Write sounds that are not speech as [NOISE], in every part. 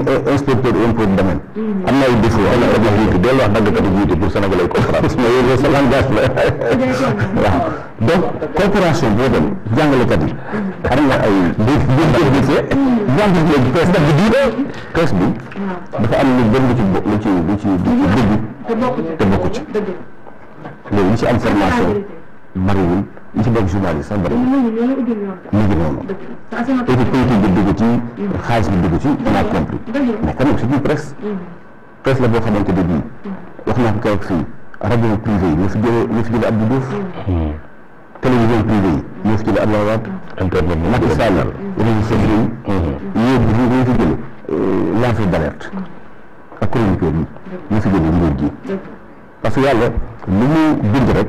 comme inspecteur impôt domaine. Mm-hmm. am na ay défauts am na ay défauts delloo wax daggkatu jiite pour sénégalais comprendre [LAUGHS] parce que yooyu sa langage la donc coopération boo dem jàngalekat yi mm-hmm. am na ay défauts mm-hmm. jàngalekat yi presse daf di bi dafa am lu bëri lu ci lu ci lu ci lu ci dëgg te ci léegi am formation bariwul li ci bëgg journaliste sax bariwul. mu ngi mm. xaalis bi dugg ci a compris. mais quand même c'est une presse. Mm. presse la boo xamante ne bii. Mm. wax naa ko keroog fii rajo privé yi ñoo fi jëlee ñoo fi jëlee Abdou Diouf. télévision privée yi ñoo fi jëlee Abdoulaye Wade. internet bi Macky Sall mm-hmm. euh, ak chroniqueur yi ñoo fi jëlee nguur gi. parce que yàlla lu mu bind rek.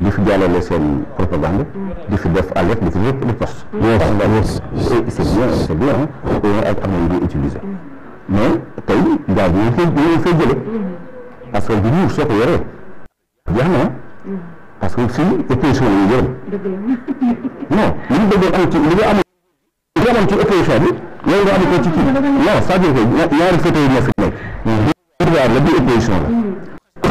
di fi jàllale seen propagande di fi def alerte di fi def riposte. c'est bien c'est bien ak am na ñu koy utiliser mais tey daal di nga koy fay jële parce que bu na parce que fii opposition la ñu jël non li ñu bëggoon am ci li nga am li nga am ci opposition bi loolu nga am ko ci kii non c'est-à-dire que ñaari fauteuil la.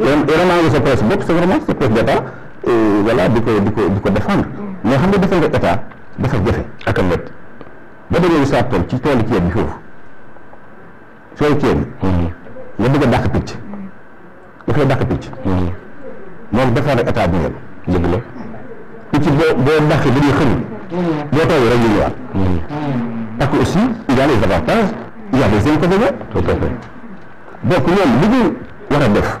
vraiment nga sa presse bopp sa vraiment sa presse d' état voilà di ko di ko di ko défendre mais xam nga defe nga état dafa jafe ak a lëtt ba dëgëru saa tool ci toolu ceeb bi foofu toolu ceeb bi nga bëgg a dàq picc dafay dàq picc moom défendre bi ngeen dëgg la picc boo boo dàqee ba ñuy xëyul boo tawee rek ñu ñëwaat parce aussi il y a les avantages il y a les inconvénients donc ñoom li ñu war a def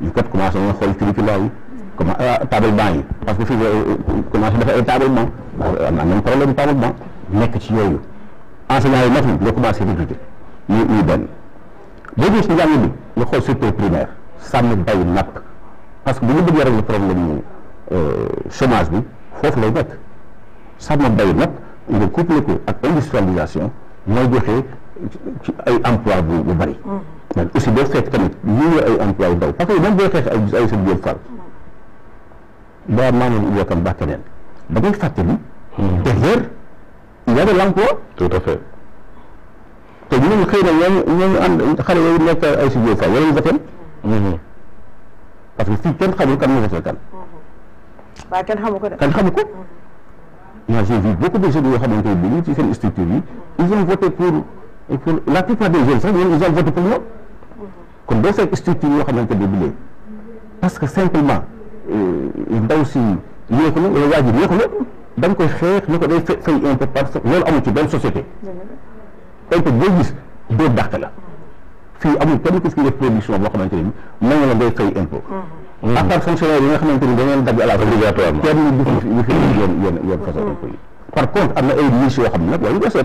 ñu kat commencé nañu xol curricula yi commencé ah, table banc yi parce que fii euh, euh, commencé dafa ay table banc am nañ problème table banc nekk ci yooyu enseignant yi matul ñu commencé recruter ñu ñu benn boo gis si njàng bi nga xool secteur primaire sàmm bay napp parce que bu ñu bëggee régler problème euh, chômage bi foofu lay nekk sàmm bay napp nga couplé ko ak industrialisation mooy joxe ci ay emploi bu bu bëri mm-hmm. waaye aussi doo fekk tamit lii ay emploi yu ndaw parce que même booy xeex ay ay seen biir far ba Mamadou Ibou Kane ba keneen da ngay fàttali derrière il y a de l'emploi tout à fait te ñun xëy na ñooñu ñooñu ànd xale yooyu nekk ay si biir far wala ñu votel mm-hmm. parce que fii kenn xamul kan moo votel kan mm-hmm. waaw kenn xamu ko de kenn xamu ko mm-hmm. moi j'ai vu beaucoup de jeunes yoo xamante ne bii ci seen structure yi ils ont voté pour pour la plupart des jeunes sax ñoom ils ont voté pour moi kon doo seet structure yoo xamante ne bi parce que simplement euh, ndaw si yée ko la wala waajur yée ko la da koy xeex ni ko day fay impôt parce que loolu amul ci benn société impôt boo gis doo dàq la fii amul kenn ku ci def production boo xamante ne bi mën la ngay fay impôt mm-hmm. à part fonctionnaire yi nga xamante ni da ngeen dagg à la obligatoirement kenn du fi du fi yoon yoon yoon façon impôt yi par contre am na ay niche yoo xam ne nag wala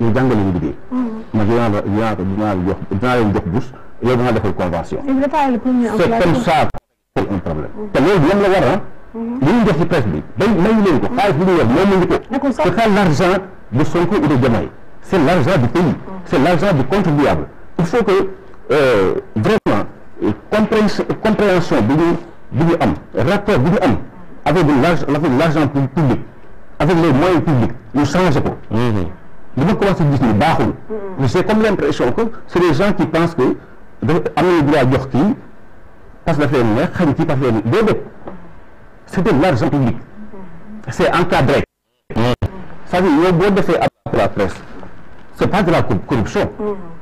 ñu jàngale ñu liggéey. Mm-hmm. ma dinaa la dinaa la jox dinaa leen jox bourse yow dinaa defal convention. c'est comme ça un problème. Mm-hmm. te loolu yam la war a. Ah. Mm-hmm. li ñu def ci presse bi bay mayu leen ko xaalis bi ñu yor moom lañu ko. c'est pas l'argent de Sonko ou de Diomaye c'est l'argent du pays. c'est l'argent du contribuable. il faut que euh, vraiment euh, compréhension bi ñu bi ñu am rapport bi ñu am avec l'argent public avec les moyens publics ñu changé ko li ma que c'est ni baaxul. mais j'ai comme l'impression que c'est des gens qui pensent que dafa am nañu droit jox kii parce que c'est leen neex xañ kii parce c'est de l'argent public mm-hmm. c'est encadré. Ça mm-hmm. veut dire yow boo defee ab la presse c'est pas de la corruption. Mm-hmm.